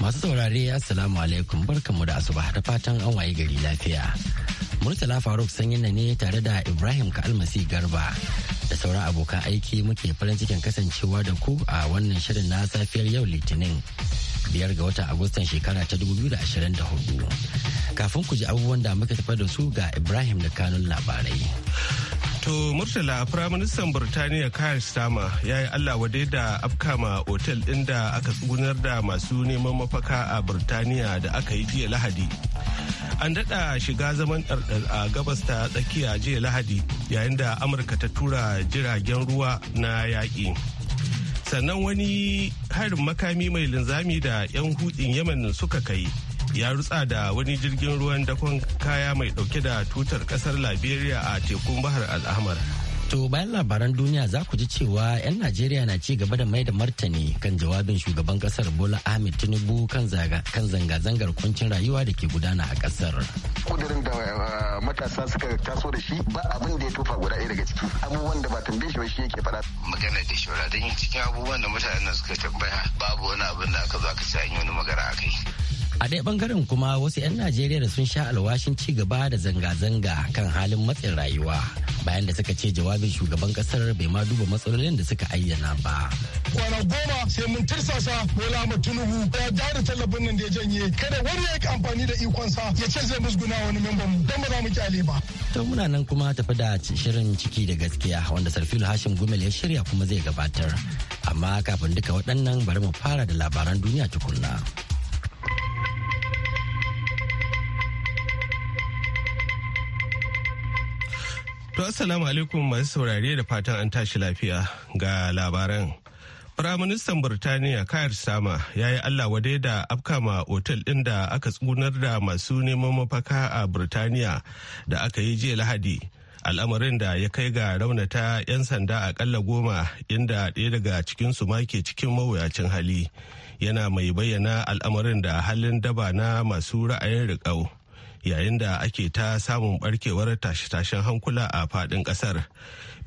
Masu saurare Assalamu alaikum barkamu da asuba da fatan an waye gari lafiya. Murtala Faruk sanyin ne tare da Ibrahim Kalmasi Garba da sauran abokan aiki muke farin cikin kasancewa da ku a wannan shirin na safiyar yau Litinin biyar ga watan Agustan shekara ta da hudu Kafin ku ji abubuwan da muka tafa da su ga Ibrahim da kanun labarai. To Murtala Firaministan Birtaniya Kyle Starmer ya yi Allah wadai da afkama otel ɗin da aka tsugunar da masu neman mafaka a Birtaniya da aka yi jiya Lahadi. An daɗa shiga zaman ɗarɗar a gabas ta tsakiya jiya Lahadi yayin da Amurka ta tura jiragen ruwa na yaƙi. Sannan wani harin makami mai linzami da 'yan hutsin Yemen suka kai. ya rutsa da wani jirgin ruwan dakon kaya mai dauke da tutar kasar liberia a tekun bahar al'ahmar To bayan labaran duniya za ku ji cewa 'yan Najeriya na ci gaba da mai da martani kan jawabin shugaban kasar Bola Ahmed Tinubu kan zanga-zangar kuncin rayuwa da ke gudana a kasar. Kudirin da eh, matasa suka taso da shi ba abin da ya tofa guda ɗaya daga ciki abubuwan da ba tambaye shi ba shi yake faɗa. Magana da shawara don yin cikin abubuwan da mutanen suka tambaya babu wani abin da aka zo aka ci an yi wani magana a kai. a ɗaya bangaren kuma wasu 'yan najeriya da sun sha alwashin ci gaba da zanga-zanga kan halin matsin rayuwa bayan da suka ce jawabin shugaban kasar bai ma duba matsalolin da suka ayyana ba kwana goma sai mun tirsasa bola ma Tunubu. ya da tallafin nan da ya janye kada wani ya yi amfani da ikonsa ya ce zai musguna wani memban mu don ba za mu kyale ba to muna nan kuma tafi da shirin ciki da gaskiya wanda sarfilu hashim gumel ya shirya kuma zai gabatar amma kafin duka waɗannan bari mu fara da labaran duniya tukunna. To assalamu alaikum masu saurare da fatan an tashi lafiya ga labaran. Firaministan Burtaniya Kayar Sama ya yi Allah wadai da afkama otel ɗin da aka tsunar da masu neman mafaka a Burtaniya da aka yi jiya Lahadi. Al'amarin da ya kai ga raunata 'yan sanda akalla goma inda ɗaya daga cikinsu ma ke cikin mawuyacin hali. Yana mai bayyana al'amarin da halin daba na masu ra'ayin riƙau. yayin da ake ta samun barkewar tashe-tashen hankula a fadin kasar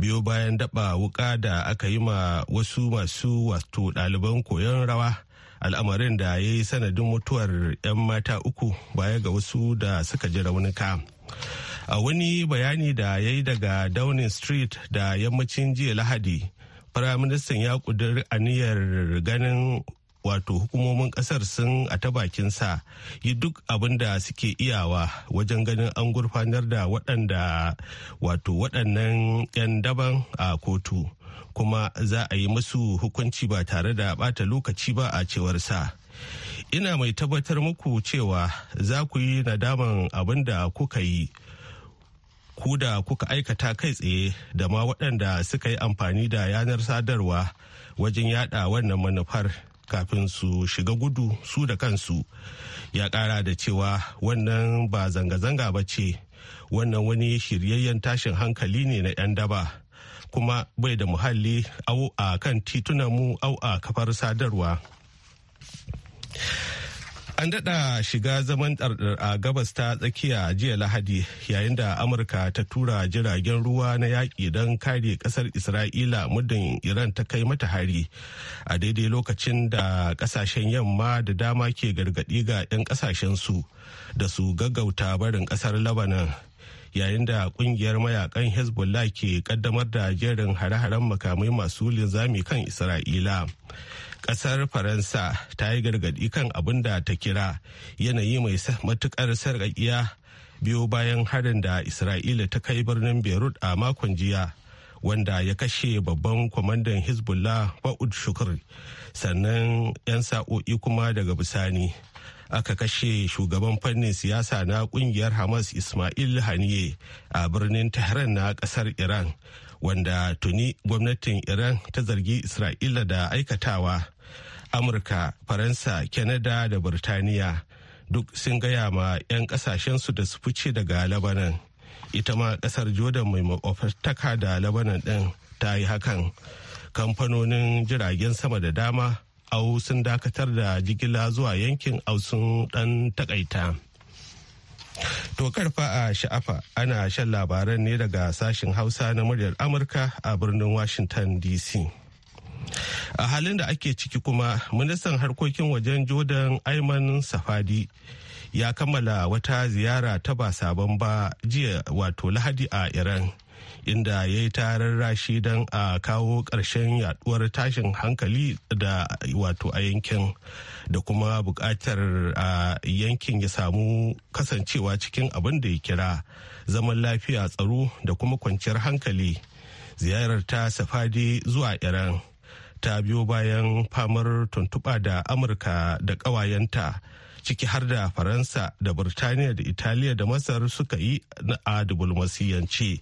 biyo bayan daba wuka da aka yi ma wasu masu wato ɗaliban koyon rawa al'amarin da ya yi sanadin mutuwar 'yan mata uku baya ga wasu da suka ji raunuka a wani bayani da ya yi daga downing street da yammacin jiya lahadi firaministan ya kudur aniyar ganin wato hukumomin kasar sun a ta bakin sa yi duk abin da suke iyawa wajen ganin an gurfanar da waɗanda wato waɗannan 'yan daban a kotu kuma za a yi musu hukunci ba tare da bata lokaci ba a cewar sa ina mai tabbatar muku cewa za ku yi nadaman abin da kuka yi ku da kuka aikata kai tsaye da ma waɗanda suka yi amfani da yanar sadarwa wajen yada wannan manufar kafin su shiga gudu su da kansu ya kara da cewa wannan ba zanga-zanga ba ce wannan wani shiryayyen tashin hankali ne na 'yan daba kuma bai da muhalli au a kan titunanmu au a kafar sadarwa An daɗa shiga zaman ɗarɗar a gabas ta tsakiya jiya Lahadi yayin da Amurka ta tura jiragen ruwa na yaƙi don kare ƙasar Isra'ila muddin Iran ta kai mata hari a daidai lokacin da ƙasashen yamma da dama ke gargaɗi ga 'yan ƙasashensu da su gaggauta barin ƙasar Lebanon. yayin da kungiyar mayakan hezbollah ke kaddamar da jerin hare-haren makamai masu linzami kan isra'ila kasar faransa ta yi gargadi kan abin da ta kira yanayi mai matukar sarƙaƙiya biyu bayan harin da isra'ila ta kai birnin beirut a makon jiya wanda ya kashe babban kwamandan hezbollah ba'ud shukur sannan 'yan sa'o'i kuma daga bisani aka kashe shugaban fannin siyasa na kungiyar hamas ismail haniye a birnin tehran na kasar iran wanda tuni gwamnatin iran ta zargi isra'ila da aikatawa amurka faransa canada da burtaniya duk sun gaya ma 'yan kasashensu da su fice daga labanan ita ma kasar jordan mai makwabtaka da labanan din ta yi hakan kamfanonin jiragen sama da dama au sun dakatar da jigila zuwa yankin au sun dan takaita to karfa a sha'afa ana shan labaran ne daga sashen hausa na muryar amurka a birnin washington dc a halin da ake ciki kuma ministan harkokin wajen jordan ayman safadi ya kammala wata ziyara ta ba sabon ba jiya wato lahadi a iran inda ya yi tarar rashi don a kawo ƙarshen yaduwar tashin hankali da wato a yankin da kuma buƙatar a yankin ya samu kasancewa cikin abin da ya kira zaman lafiya tsaro da kuma kwanciyar hankali ziyarar ta safadi zuwa iran ta biyo bayan famar tuntuɓa da amurka da ƙawayenta ciki har da faransa da birtaniya da italiya da masar suka yi a dubulmasiyance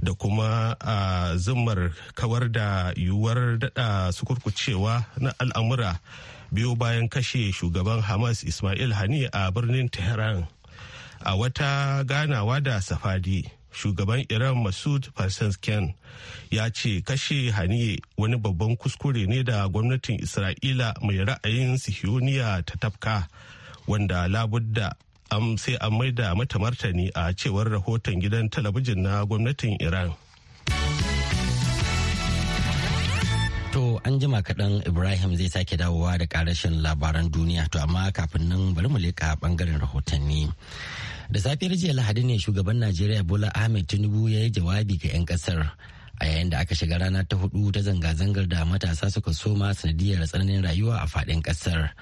da kuma a zimmar kawar da yiwuwar dada sukurkucewa na al'amura biyo bayan kashe shugaban hamas ismail hani a birnin tehran a wata ganawa da safadi shugaban iran masud ken ya ce kashe haniye wani babban kuskure ne da gwamnatin isra'ila mai ra'ayin sihiyoniya ta tafka wanda labudda am sai an maida mata martani a cewar rahoton gidan talabijin na gwamnatin iran To an jima kaɗan Ibrahim zai sake dawowa da ƙarashin labaran duniya to amma kafin nan bari mu leƙa ɓangaren rahotanni. da safiyar jiya lahadi ne shugaban najeriya bola ahmed tinubu ya yi jawabi ga 'yan kasar a yayin da aka shiga rana ta hudu ta zanga-zangar da matasa suka soma sanadiyar tsananin rayuwa a fadin kasar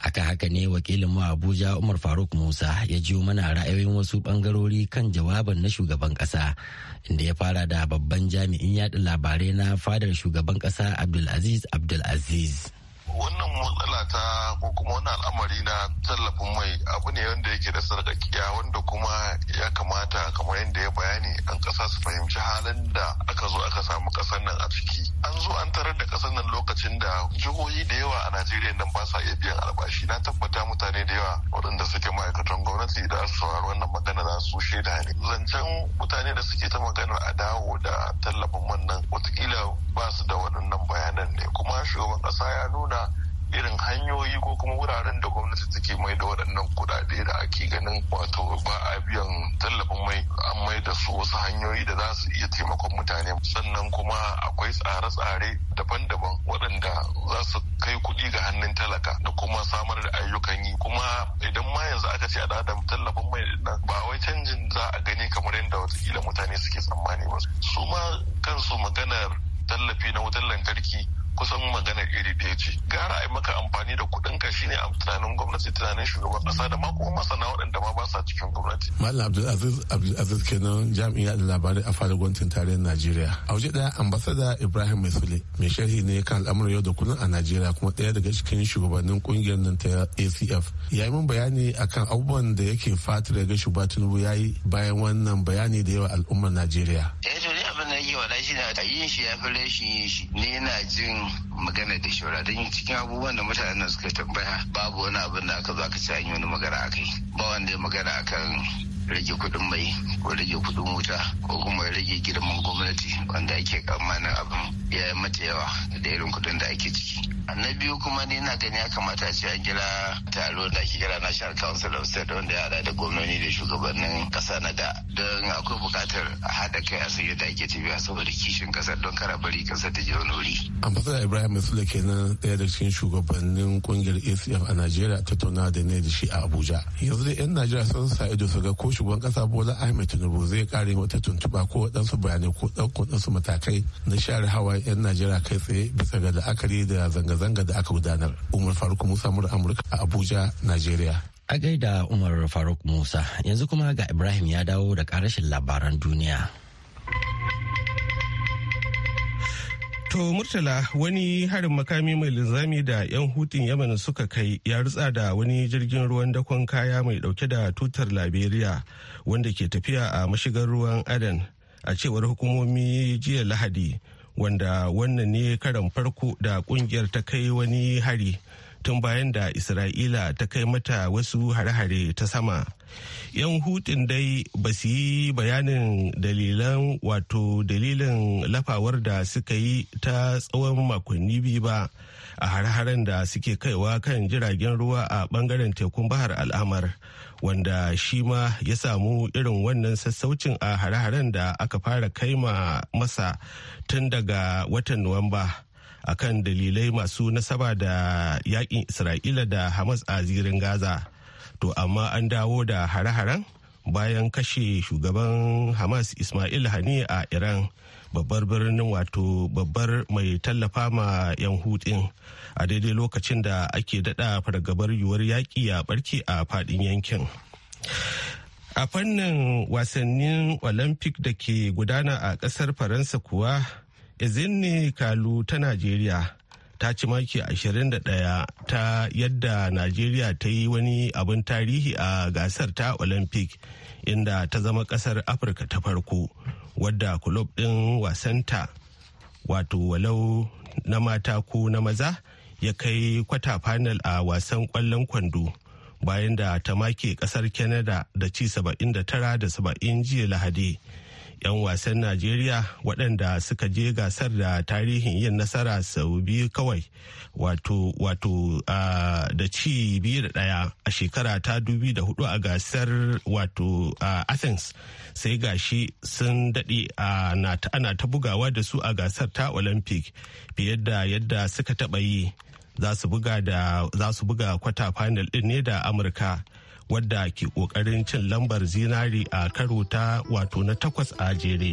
aka haka ne wakilin mu abuja umar faruk musa ya jiyo mana ra'ayoyin wasu bangarori kan jawaban na shugaban kasa inda ya fara da babban jami'in yaɗa labarai na fadar shugaban kasa abdulaziz abdulaziz wannan matsala ta ko kuma wannan al'amari na tallafin mai abu ne wanda yake da sarƙaƙiya wanda kuma ya kamata kamar yadda ya bayani an ƙasa su fahimci halin da aka zo aka samu ƙasar nan a ciki an zo an tarar da ƙasar nan lokacin da jihohi da yawa a najeriya nan ba sa iya biyan albashi na tabbata mutane da yawa waɗanda suke ma'aikatan gwamnati da su wannan magana za su shaida ne zancen mutane da suke ta magana a dawo da tallafin wannan watakila ba su da waɗannan bayanan ne kuma shugaban ƙasa ya nuna irin hanyoyi ko kuma wuraren da gwamnati take mai da waɗannan kuɗaɗe da ake ganin wato ba a biyan tallafin mai an mai da su wasu hanyoyi da za su iya taimakon mutane sannan kuma akwai tsare-tsare daban-daban waɗanda za su kai kuɗi ga hannun talaka da kuma samar da ayyukan yi kuma idan ma yanzu aka ce a da tallafin mai nan ba wai canjin za a gani kamar yadda watakila mutane suke tsammani ba su ma kansu maganar tallafi na wutar lantarki kusan magana iri ɗaya ce gara a maka amfani da kuɗin ka shine a tunanin gwamnati tunanin shugaban ƙasa da ma kuma masana waɗanda ma ba sa cikin gwamnati. Malam Abdul Aziz kenan jami'a da labarai a fara gwamnatin tarayyar Najeriya. A waje ɗaya ambasada Ibrahim Mai Sule mai sharhi ne kan al'amuran yau da kullum a Najeriya kuma ɗaya daga cikin shugabannin ƙungiyar nan ta ACF. Ya yi min bayani akan abubuwan da yake fatar ga shugaba Tinubu ya yi bayan wannan bayani da yawa al'ummar Najeriya. Eh, alwala shi na yin shi ya fi yin shi ne yana jin magana da shawara don yin cikin abubuwan da mutanen nan suka tambaya babu wani abin da aka zaka ci wani magana kai ba wanda ya magana akan rage kudin mai ko rage kudin wuta ko kuma rage girman gwamnati wanda ake kamanin abin ya yi mata yawa da irin kudin da ake ciki na biyu kuma ni na gani ya kamata ce an kira taro da ake kira national council of state wanda ya hada da gwamnoni da shugabannin kasa na da don akwai bukatar a haɗa kai a sanya da ake tafiya saboda kishin kasar don kara bari kasar ta je wani wuri. ambassador ibrahim sule kenan ɗaya da cikin shugabannin kungiyar acf a najeriya tattauna da ne da shi a abuja yanzu da yan najeriya sun sa ido su ga ko shugaban kasa bola ahmed tinubu zai kare wata tuntuɓa ko waɗansu bayanai ko ɗaukar waɗansu matakai na share hawa yan najeriya kai tsaye bisa ga la'akari da zanga zanga-zanga da aka gudanar umar faruk musa mura amurka a abuja nigeria a gaida umar faruk musa yanzu kuma ga ibrahim ya dawo da karashin labaran duniya To Murtala wani harin makami mai linzami da 'yan hutun Yemen suka kai ya rutsa da wani jirgin ruwan dakon kaya mai dauke da tutar Liberia wanda ke tafiya a mashigar ruwan adan a cewar hukumomi jiya Lahadi wanda wannan ne karan farko da kungiyar ta kai wani hari tun bayan da isra'ila ta kai mata wasu hare-hare ta sama yan hutun dai ba su yi bayanin dalilan wato dalilin lafawar da suka yi ta tsawon makonni biyu ba a har-haren da suke kaiwa kan jiragen ruwa a bangaren tekun bahar al'amar wanda shi ma ya samu irin wannan sassaucin a har-haren da aka fara kaima masa tun daga watan nuwamba akan dalilai masu nasaba da yaƙin isra'ila da hamas a zirin gaza to amma an dawo da hare-haren bayan kashe shugaban hamas ismail hani a iran babbar birnin wato babbar mai tallafa ma 'yan hutun a daidai lokacin da ake daɗa fargabar yiwuwar yaƙi a barke a faɗin yankin. A fannin wasannin Olympic da ke gudana a ƙasar Faransa kuwa, Ezinne Kalu ta Najeriya ta ci maki 21 ta yadda Najeriya ta yi wani abin tarihi a gasar ta Olympic. inda ta zama kasar afirka ta farko wadda kulob ɗin wasanta wato walau na mata ko na maza ya kai kwata final a wasan kwallon kwando bayan da ta make kasar canada da ci 79 da 70 jiya lahadi 'yan wasan najeriya waɗanda suka je gasar da tarihin yin nasara sau biyu kawai wato wato da ci biyu da ɗaya a shekara ta dubi da hudu a gasar wato athens sai gashi sun daɗe ana ta bugawa da su a gasar ta olympic fiye da yadda suka taɓa yi za su buga kwata final ɗin ne da amurka wadda ke kokarin cin lambar zinari a karo ta wato na takwas a jere.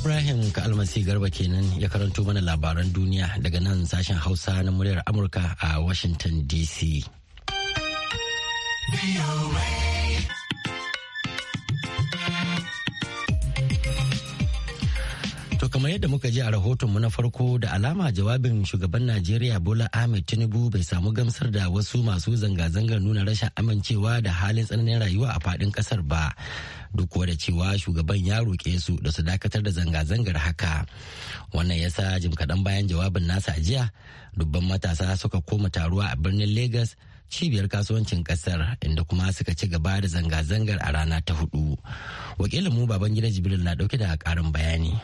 Ibrahim Kalmasi Garba kenan ya karanto mana labaran duniya daga nan sashen Hausa na muryar Amurka a Washington DC. To kamar yadda muka ji a rahotonmu na farko da alama jawabin shugaban Najeriya Bola Ahmed Tinubu bai samu gamsar da wasu masu zanga-zangar nuna rashin amincewa da halin tsananin rayuwa a faɗin ƙasar ba. Duk da cewa shugaban ya roƙe su da su dakatar da zanga-zangar haka. Wannan ya sa jim kaɗan bayan jawabin nasa jiya, dubban matasa suka koma taruwa a birnin Legas cibiyar kasuwancin kasar inda kuma suka ci gaba da zanga-zangar a rana ta hudu wakilin mu baban gida jibril na dauke da karin bayani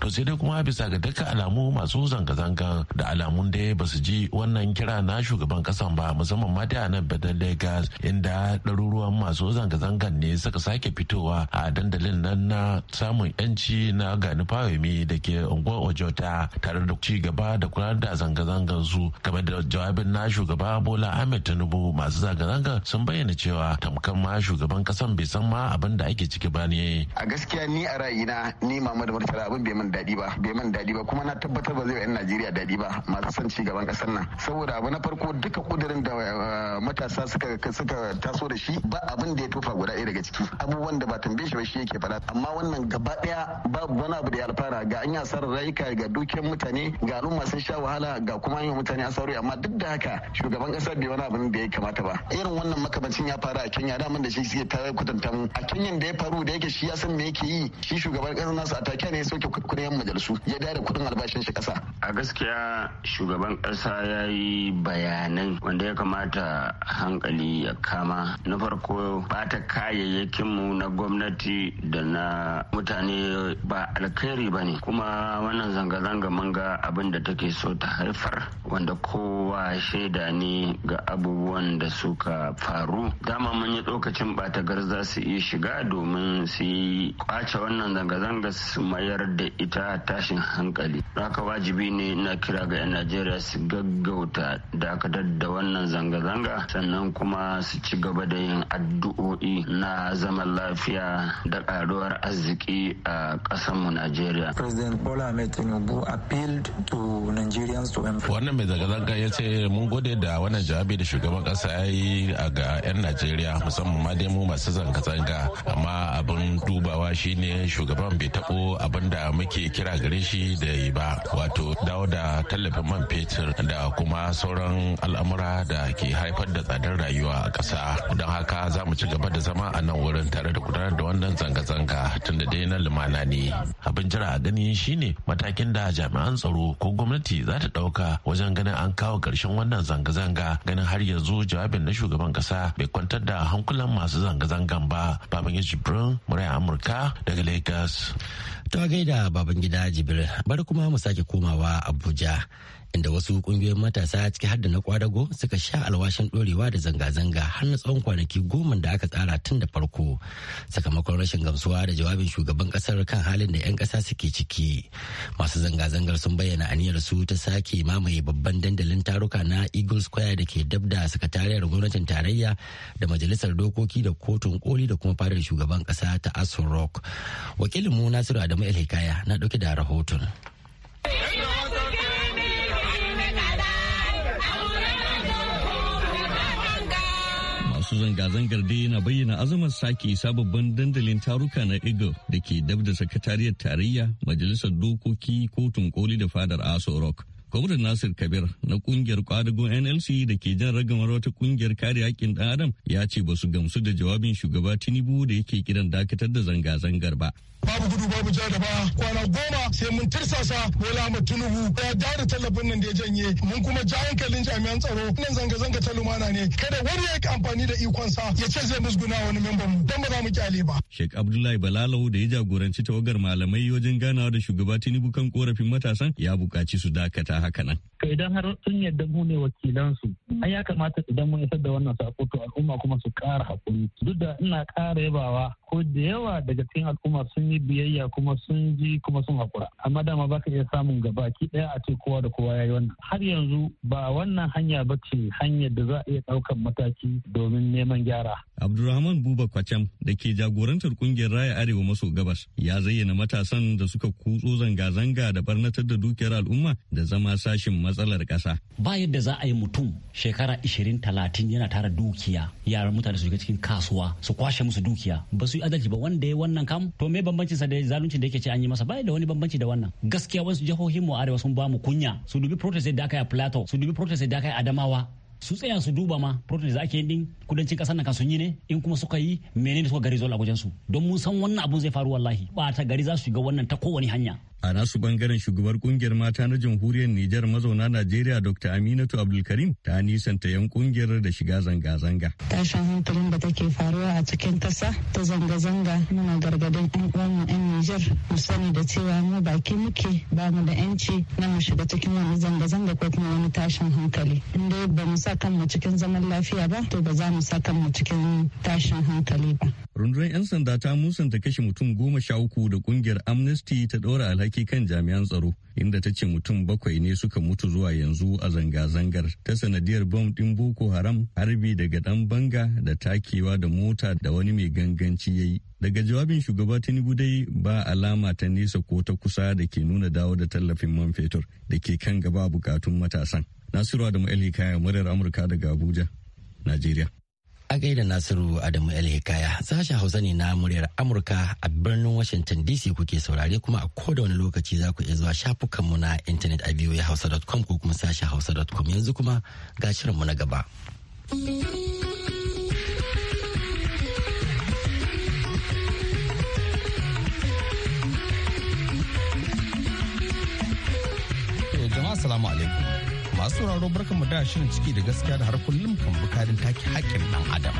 to sai dai kuma bisa ga dukkan alamu masu zanga-zangan da alamun da ba su ji wannan kira na shugaban kasan ba musamman ma da nan birnin lagos inda ɗaruruwan masu zanga-zangan ne suka sake fitowa a dandalin nan na samun yanci na gani fawemi da ke unguwar ojota tare da ci gaba da kula da zanga-zangan su game da jawabin na shugaba bola ahmed tinubu masu zanga-zangan sun bayyana cewa tamkan ma shugaban kasan bai san ma abin da ake ciki ba ne a gaskiya ni a ra'ayina ni mamadu murtala abin bai min daɗi ba bai min daɗi ba kuma na tabbatar ba zai yi najeriya daɗi ba masu son ci gaban ƙasar nan saboda abu na farko duka kudirin da eh, matasa suka suka taso da shi ba abin da ya tofa guda ɗaya daga ciki abubuwan da ba tambaye shi ba shi yake faɗa amma wannan gaba ɗaya babu wani abu da ya alfara ga an yi asarar rayuka ga dukiyar mutane ga al'umma sun sha wahala ga kuma an yi mutane asarar amma duk da haka shugaban ƙasar bai wani abin da ya kamata ba irin wannan makamancin ya faru a kenya daman da shi suke ta kwatanta mu a kenyan da ya faru da yake shi ya san me yake yi shi shugaban ƙasar nasu a take ne soke kudin majalisu ya dare kudin albashin shi kasa a gaskiya shugaban kasa ya yi bayanan wanda ya kamata hankali ya kama na farko bata kayayyakin mu na gwamnati da na mutane ba alkhairi ba ne kuma wannan zanga-zanga manga abin da take so ta haifar wanda kowa shaida ne ga abubuwan da suka faru dama mun yi lokacin bata garza su iya shiga domin su yi kwace wannan zanga-zanga su mayar da ita tashin hankali raka wajibi ne na kira ga 'yan najeriya su gaggauta dakatar da wannan zanga-zanga sannan kuma su ci gaba da yin addu'o'i na zaman lafiya da karuwar arziki a mu najeriya president bola tinubu appealed to nigerians to wannan mai zanga-zanga ya ce mun gode da wannan jawabi da shugaban kasa ya yi ga 'yan najeriya musamman ma dai mu masu zanga-zanga amma abin dubawa shine shugaban bai tabo abin da muke ake kira gare shi da yi ba wato dawo da tallafin man fetur da kuma sauran al'amura da ke haifar da tsadar rayuwa a ƙasa don haka za mu ci gaba da zama a nan wurin tare da gudanar da wannan zanga-zanga tun da dai na lumana ne abin jira a gani shine matakin da jami'an tsaro ko gwamnati za ta ɗauka wajen ganin an kawo ƙarshen wannan zanga-zanga ganin har yanzu jawabin na shugaban ƙasa bai kwantar da hankulan masu zanga-zangan ba babban jibrin murai amurka daga lagos Ta gaida baban gida Jibril bari kuma mu sake komawa Abuja inda wasu kungiyoyin matasa ciki har da na kwadago suka sha alwashin dorewa da zanga-zanga har na tsawon kwanaki goma da aka tsara tun da farko sakamakon rashin gamsuwa da jawabin shugaban kasar kan halin da 'yan kasa suke ciki masu zanga-zangar sun bayyana aniyar su ta sake mamaye babban dandalin taruka na eagle square da ke dab da sakatariyar gwamnatin tarayya da majalisar dokoki da kotun koli da kuma fadar shugaban kasa ta asun rock wakilinmu nasiru adamu el hikaya na dauke da rahoton Masu zanga-zangar dai na bayyana azumar sake sababbin dandalin taruka na Eagle da ke dab da sakatariyar tarayya majalisar dokoki kotun koli da fadar Aso Rock. Gwamnan Nasir Kabir na kungiyar kwadagon NLC da ke jan ragamar wata kungiyar kare hakkin ɗan Adam ya ce ba su gamsu da jawabin shugaba Tinubu da yake kiran dakatar da zanga-zangar ba. babu gudu babu ja da ba kwana goma sai mun tirsasa wala mu tinubu ya da tallafin nan da ya janye mun kuma ja hankalin jami'an tsaro nan zanga-zanga ta lumana ne kada wani ya amfani da ikon sa ya ce zai musguna wani memban mu dan ba za mu kyale ba. Sheikh Abdullahi Balalau da ya jagoranci tawagar malamai wajen ganawa da shugaba Tinubu kan korafin matasan ya bukaci su dakata haka nan. idan har sun yadda mu ne wakilansu an ya kamata idan mun isar da wannan sako to al'umma kuma su ƙara hakuri duk da ina ƙara yabawa ko da yawa daga cikin al'umma sun yi biyayya kuma sun ji kuma sun haƙura amma dama ba ka iya samun gaba ki ɗaya a ce kowa da kowa ya yi wannan har yanzu ba wannan hanya ba ce hanyar da za a iya ɗaukan mataki domin neman gyara. Abdulrahman Buba Kwacham da ke jagorantar kungiyar Raya Arewa maso gabas ya zayyana matasan da suka kutso zanga-zanga da barnatar da dukiyar al'umma da zama sashin matsalar kasa. Ba yadda za a yi mutum shekara 20-30 yana tara dukiya yaran mutane su shiga cikin kasuwa su kwashe musu dukiya ba su yi adalci ba wanda ya wannan kam to me bambam bambancin sa da zaluncin da yake ce an yi masa bai da wani bambanci da wannan gaskiya wasu jihohin mu arewa sun ba mu kunya su dubi protest da aka yi a plateau su dubi protest da aka yi a adamawa su tsaya su duba ma protest da ake yi din kudancin kasar nan kan sun yi ne in kuma suka yi menene suka gari zuwa a su don mun san wannan abun zai faru wallahi ba ta gari za su shiga wannan ta kowane hanya A nasu bangaren shugabar kungiyar mata na jamhuriyar Nijar mazauna Najeriya Dr. Aminatu Abdulkarim ta nisanta yan kungiyar da shiga zanga-zanga. Tashin hankalin da take faruwa a cikin tasa ta zanga-zanga muna gargadin ɗan uwanmu 'yan Nijar mu sani da cewa mu baki muke ba mu da ƴanci na mu shiga cikin wani zanga-zanga ko kuma wani tashin hankali. In dai ba mu sa kanmu cikin zaman lafiya ba to ba za mu sa kanmu cikin tashin hankali ba. Rundunar 'yan sanda ta musanta kashe mutum goma sha uku da kungiyar Amnesty ta ɗora alhaki alhaki kan jami'an tsaro inda ta ce mutum bakwai ne suka mutu zuwa yanzu a zanga-zangar ta sanadiyar bom ɗin boko haram harbi daga ɗan banga da takewa da mota da wani mai ganganci ya yi daga jawabin shugaba tinubu dai ba alama ta nesa ko ta kusa da ke nuna dawo da tallafin man fetur da ke kan gaba bukatun matasan nasiru adamu eli muryar amurka daga abuja najeriya A gaida Nasiru Adamu El Hikaya sashen Hausa ne na muryar Amurka a birnin Washington DC kuke saurare kuma a koda wani lokaci za ku iya zuwa shafukanmu na intanet a hausa.com ko kuma sashen hausa.com yanzu kuma ga shirinmu na gaba. Jama'a salamu alaikum. masu sauraro mu da shirin ciki da gaskiya da har kullum kan bukarin take hakkin dan adam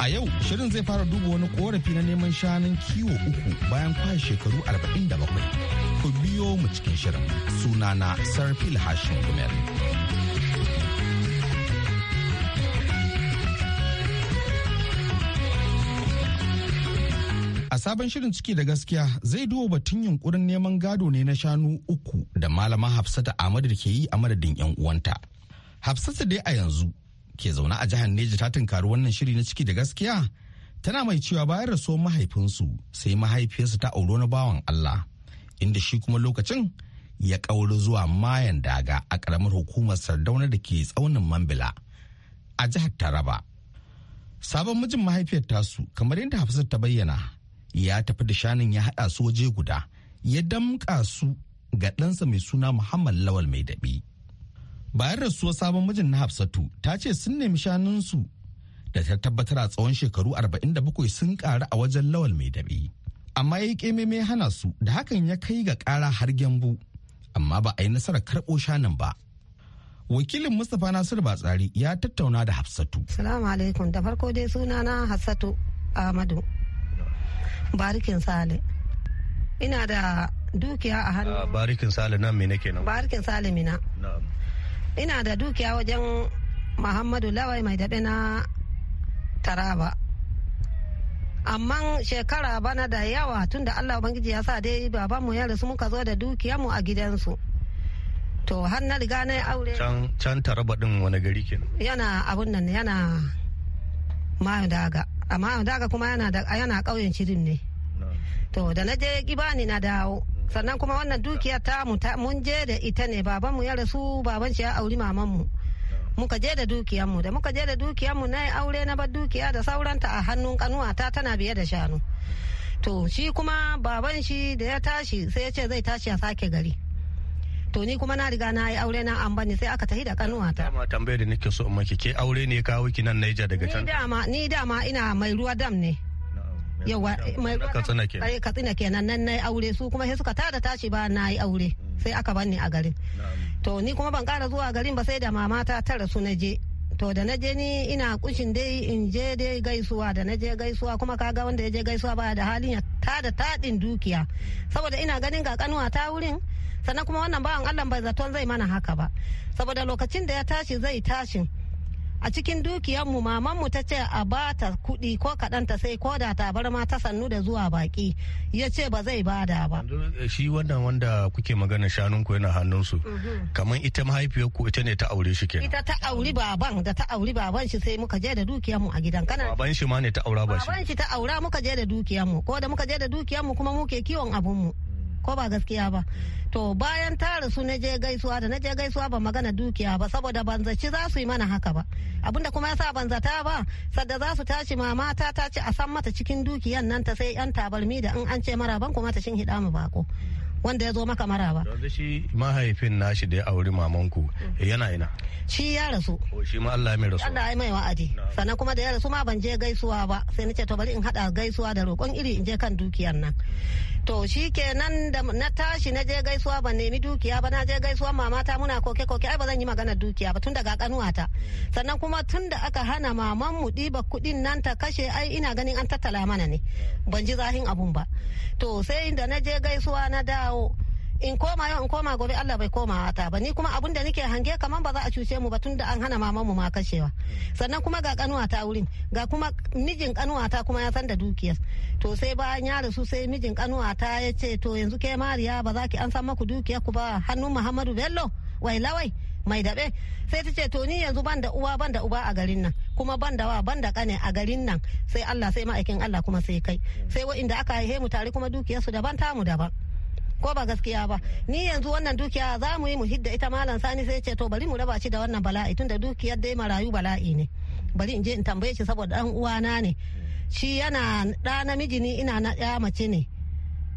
a yau shirin zai fara duba wani korafi na neman shanun kiwo uku bayan kwashe shekaru 47 ku biyo mu cikin shirin sunana sarfil hashim gumel sabon shirin ciki da gaskiya zai duba batun yunkurin neman gado ne na shanu uku da malama Hafsata Ahmadu da ke yi a madadin 'yan uwanta. Hafsata dai a yanzu ke zaune a jihar Neja ta tunkari wannan shiri na ciki da gaskiya tana mai cewa bayan rasuwar mahaifinsu sai mahaifiyarsu ta auro na bawan Allah inda shi kuma lokacin ya kauri zuwa mayan daga a karamar hukumar sardauna da ke tsaunin mambila a jihar taraba sabon mijin mahaifiyar tasu kamar yadda hafsat ta bayyana ya tafi da shanun ya haɗa su waje guda ya damƙa su ga ɗansa mai suna muhammad lawal mai daɓi bayan rasuwar sabon mijin na hafsatu ta ce sun nemi shanunsu da ta tabbatar a tsawon shekaru 47 sun ƙaru a wajen lawal mai daɓi amma ya yi mai hana su da hakan ya kai ga ƙara har gyambu amma ba a yi nasarar karɓo shanun ba wakilin mustapha nasiru batsari ya tattauna da hafsatu salamu alaikum da farko dai suna na hafsatu ahmadu barikin sale ina da dukiya a hannu ah, barikin sale nan mina kenan barikin sale mina ina da dukiya wajen muhammadu lawai mai daɗe na taraba amma shekara bana da yawa tun da allah ubangiji ya sa dai babanmu ya rasu muka zo da dukiyarmu a gidansu to har na riga na aure can taraba din wani gari kenan yana abun nan yana mayu daga amma daga kuma yana da yana ƙauyen shirin ne to da na je kibani na dawo sannan kuma wannan dukiya ta mu mun je da ita ne baban mu ya rasu baban shi ya auri maman mu muka je da dukiyan mu da muka je da dukiyan mu nayi aure na bar dukiya da sauranta a hannun kanuwa ta tana biye da shanu to shi kuma baban shi da ya tashi sai ya ce zai tashi ya sake gari to ni kuma na riga na yi aure na an bani sai aka tafi da kanuwata dama tambayar da nake so amma ke aure ne kawo ki nan Niger daga can ni dama ni dama ina mai ruwa dam ne yawa mai ruwa eh, katsina kenan nan na yi aure su kuma sai suka tada tashi ba na yi aure mm. sai aka bani a garin to ni kuma ban kara zuwa garin ba sai da mama ta rasu na je to da na je ni ina kushin dai in je dai gaisuwa da na je gaisuwa kuma ka ga wanda ya je gaisuwa baya da halin ya tada tadin dukiya mm. saboda ina ganin ga kanuwa ta wurin sannan kuma wannan bawan allah bai zaton zai mana haka ba saboda lokacin da ya tashi zai tashi a cikin dukiyarmu mamanmu ta ce a ba ta kuɗi ko kaɗan ta sai ko da ta bar ma ta sannu da zuwa baki ya ce ba zai bada ba. Eh, shi wannan wanda kuke magana shanun ku yana hannunsu mhm. kamar ita mahaifiyar ku ita ne ta aure shi kenan. ita ta auri baban da ta auri baban shi sai muka je da dukiyarmu a gidan kana. baban shi ma ne ta aura ba shi. baban shi ta aura muka je da dukiyarmu ko da muka je da dukiyarmu kuma muke kiwon abunmu. ko ba gaskiya ba to bayan ta rasu na je gaisuwa da na je gaisuwa ba magana dukiya ba saboda banzaci za su yi mana haka ba abinda kuma yasa banzata ba sadda za su tashi mama ta ta a san mata cikin dukiyan nan ta sai yan tabarmi da in an ce mara ban kuma ta shin hida mu bako wanda ya zo maka mara ba. Yanzu shi mahaifin nashi da ya auri mamanku mm. yana ina. Shi ya rasu. Shi ma Allah mai rasu. Allah ya mai wa'adi. Sannan kuma da ya rasu ma ban je gaisuwa ba sai na ce to bari in haɗa gaisuwa da roƙon iri in je kan dukiyar nan. Mm. To shi ke nan da na tashi na je gaisuwa ban nemi dukiya ba na je gaisuwa mamata muna koke koke ai ba zan yi magana dukiya ba tun daga kanuwata. Mm. Sannan kuma tun da aka hana maman mu ɗiba kuɗin nan ta kashe ai ina ganin an tattala mana ne. Ban ji zahin abun ba. To sai da na je gaisuwa na da dawo in koma yau in koma gobe Allah bai koma wata ba ni kuma abun da nake hange kaman ba za a cuce mu ba tun da an hana maman mu ma kashewa sannan kuma ga kanuwa ta wurin ga kuma mijin kanuwa ta kuma ya san da dukiyar to sai bayan ya rasu sai mijin kanuwa ta ya ce to yanzu ke mariya ba za ki an san maku dukiyar ku ba hannu Muhammadu Bello wai lawai mai daɓe sai ta ce to ni yanzu ban da uwa ban da uba a garin nan kuma ban da wa ban da kane a garin nan sai Allah sai ma'aikin Allah kuma sai kai sai wa'inda aka haihe mu tare kuma dukiyarsu daban tamu daban ko ba gaskiya ba ni yanzu wannan dukiya za mu yi mu hidda ita malam sani sai ce to bari mu raba shi da wannan bala'i tunda dukiyar dai marayu bala'i ne bari in je in tambaye shi saboda dan uwana ne shi yana ɗa namiji ni ina na ɗaya mace ne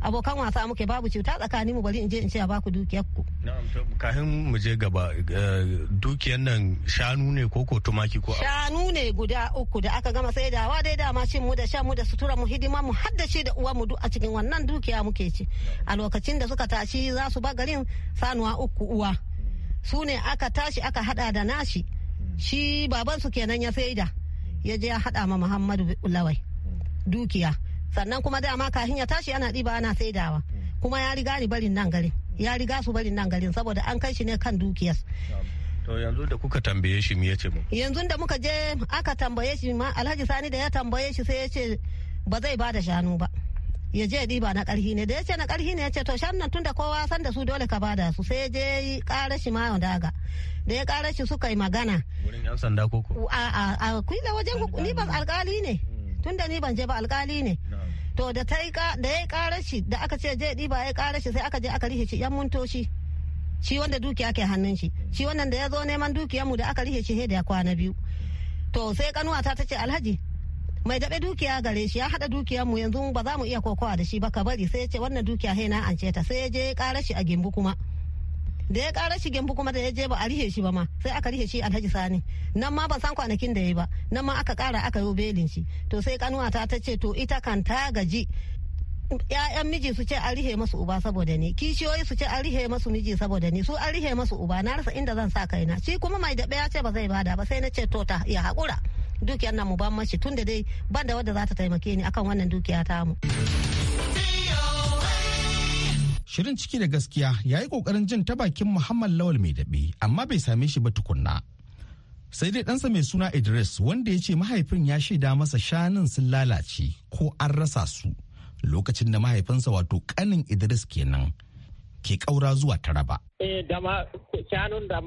abokan wasa muke babu cuta tsakanin mu bari in je in ce a baku dukiyar ku kafin mu je gaba eh, dukiyar nan shanu ne ko ko tumaki ko shanu ne guda uku da aka gama dawa dai dama cin mu da shan mu da sutura mu hidima mu haddashi da uwa mu a cikin wannan dukiya muke ci a lokacin da suka tashi za su ba garin sanuwa uku uwa su ne aka tashi aka hada da nashi shi babansu kenan ya sai da ya je ya hada ma muhammadu lawai dukiya sannan kuma dama kafin ya tashi ana ɗiba ana saidawa kuma ya riga ni barin nan garin ya riga su barin nan garin saboda an kai shi ne kan dukiyas To yanzu da kuka tambaye shi me yace mu? Yanzu da muka je aka tambaye shi ma Alhaji Sani da ya tambaye shi sai ya ce ba zai bada shanu ba. Ya je diba na karhi ne da ya ce na karhi ne ya ce to shan nan tunda kowa san da su dole ka bada su sai ya je kara shi ma daga. Da ya kara shi suka yi magana. Wurin yan sanda koko? A a a ku wajen ni ban alkali ne. Mm. Tunda ni ban je ba alkali ne. to da ta da ya kara shi da aka ce je ɗiba ya kara shi sai aka je aka rihe shi yan muntoshi shi wanda dukiya ke hannun shi shi wannan da ya zo neman dukiyar mu da aka rihe shi da ya kwana biyu to sai kanuwa ta ta alhaji mai daɓe dukiya gare shi ya haɗa dukiyar mu yanzu ba za mu iya kokowa da shi ba ka bari sai ya ce wannan dukiya hena an ce ta sai ya je ya kara shi a gimbu kuma. da ya kara shi gembu kuma da ya je ba a rihe shi ba ma sai aka rihe shi alhaji sani nan ma ban san kwanakin da ya ba nan ma aka kara aka yi belin shi to sai kanuwa ta ce to ita kan ta gaji ‘ya'yan miji su ce an rihe masu uba saboda ni kishiyoyi su ce an rihe masu miji saboda ni su an rihe masu uba na rasa inda zan sa kaina shi kuma mai daɓe ya ce ba zai bada ba sai na ce to ta ya hakura dukiyar nan mu ban mashi tun da dai ban da wadda za ta taimake ni akan wannan dukiya tamu. mu. Shirin ciki da gaskiya ya yi kokarin jin ta bakin Muhammad Lawal mai daɓe amma bai same shi ba tukunna. Sai dai ɗansa mai suna Idris wanda ya ce mahaifin ya shaida masa shanun sun lalace ko an rasa su lokacin da mahaifinsa wato ƙanin Idris kenan ke kaura zuwa taraba. Eh da shanun da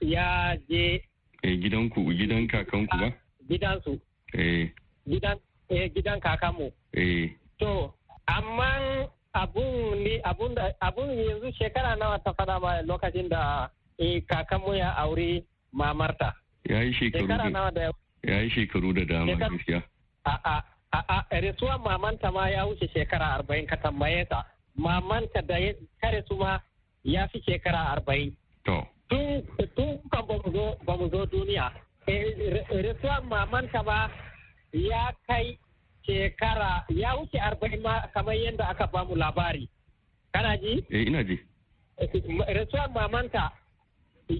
ya je. Eh, gidanku gidan kakanku ba? Ah, gidansu. Eh. Gidan eh kakanmu. Eh. To amma abun ni abun da abun yanzu shekara nawa ta fada ba lokacin da eh, kakanmu ya aure mamarta yi shekaru da yi shekaru da dama gaskiya a a a resuwa mamanta ma ya wuce shekara arba'in ka tambaye ta mamanta da ya kare su ma ya fi shekara arba'in to tun tun kan ba mu zo duniya eh, resuwa mamanta ma ya kai shekara ya wuce arba'in ma kamar yadda aka bamu labari kana ji? eh ina ji rasuwar mamanta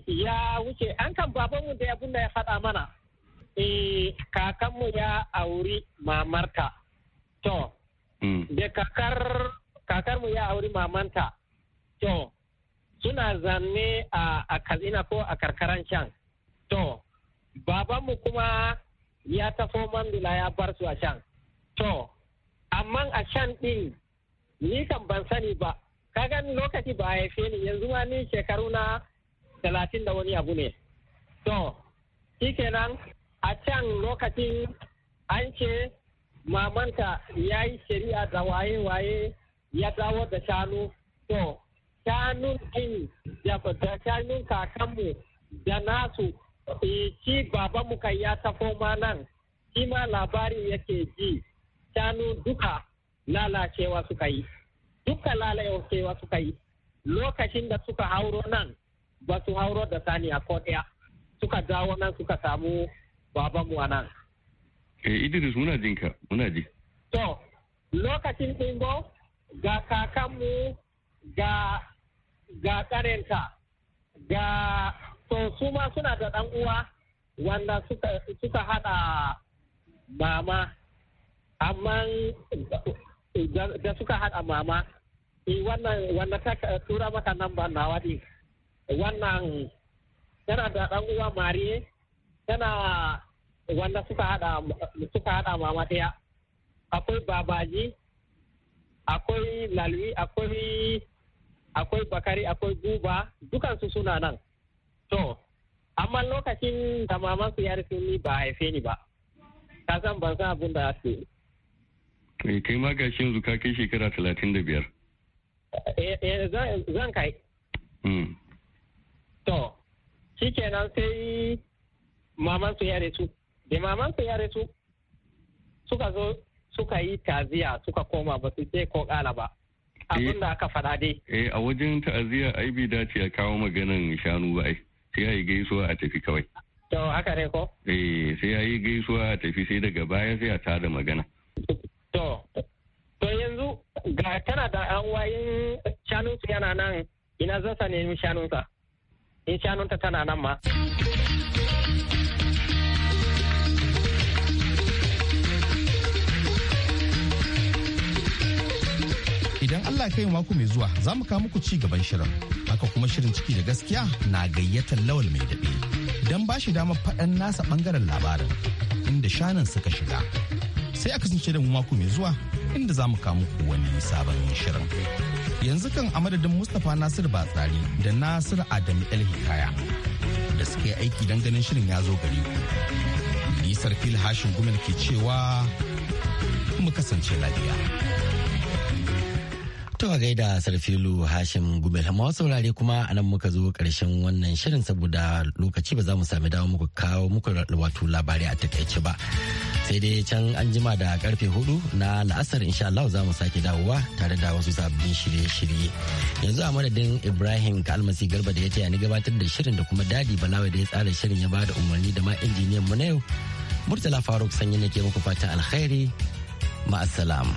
ya wuce an kan babanmu da ya bunda ya faɗa mana eh kakanmu ya auri mamarta to hmm. da kakar kakarmu ya auri mamanta to suna zanne a katsina ko a karkaran can to babanmu kuma ya tafo mandula ya bar su a can To, amma a can ɗin ni kan ban sani ba, Ka kagan lokaci ba a ni yanzu ma ni shekaru na talatin da wani abu ne. To, kenan a can lokacin an ce mamanta ya yi shari'a da waye-waye ya dawo da shanu. To, shanun ɗin da shanun kakanmu da nasu ki eh, babanmu kai ya tafo ma nan, shi ma labarin yake ji. shanu duka lalacewa suka yi duka lalacewa suka yi lokacin da suka hauro nan ba su hauro da sani a ɗaya suka dawo nan suka samu babanmu a nan. Eh, Idris muna jinka muna ji. To, lokacin ɗingo ga kakanmu ga ga karenta ga to su ma suna da dan uwa wanda suka, suka haɗa mama amma da suka haɗa mama eh, wannan wannan ta tura maka nan ba na waɗi wannan yana da ɗan uwa mariye yana wanda suka haɗa suka haɗa mama ɗaya akwai babaji akwai lalwi akwai akwai bakari akwai buba dukansu suna nan to amma lokacin da mamansu ya rufe ni ba haife ni ba ka san ban san abin da Me eh, kai ma gashi yanzu ka kai shekara talatin da biyar. Eh, eh, zan kai. Hmm. To, shi kenan sai maman su yare su. Da maman su yare su suka zo suka yi taziya suka koma ba su ce ko kala ba. Abin da aka faɗa dai. Eh a wajen ta'aziyya ai bai dace a kawo maganan shanu ba ai. Sai a yi gaisuwa a tafi kawai. To haka ne ko? Eh sai a yi gaisuwa a tafi sai daga baya sai a tada magana. To, to yanzu ga tana da hawayin shanunsu yana nan ina zan sa nemi shanunsa. In shanunta tana nan ma. idan Allah kai mako mai zuwa za mu kawo muku ci gaban shirin haka kuma shirin ciki da gaskiya na gayyatar lawal mai daɓe don ba shi damar faɗan nasa ɓangaren labarin inda shanun suka shiga sai a kasance da mu mako mai zuwa inda za mu kamu ku wani sabon shirin. Yanzu kan a madadin Mustapha Nasir Batsari da Nasir Adamu El Hikaya da suke aiki don ganin shirin ya zo gari ku. Nisar fil hashin gumel ke cewa mu kasance lafiya. Tawa a gaida sarfilu Hashim Gumel amma saurare kuma anan muka zo karshen wannan shirin saboda lokaci ba za mu sami dawo muku kawo muku wato labarai a takaice ba. sai dai can an jima da karfe hudu na la'asar insha Allah za mu sake dawowa tare da wasu sabbin shirye-shirye yanzu a madadin ibrahim almasi garba da ya taya ni gabatar da shirin da kuma dadi balawa da ya tsara shirin ya ba da umarni da ma injiniyan mu na yau murtala faruk sanyi na ke muku fatan alkhairi ma'asalam.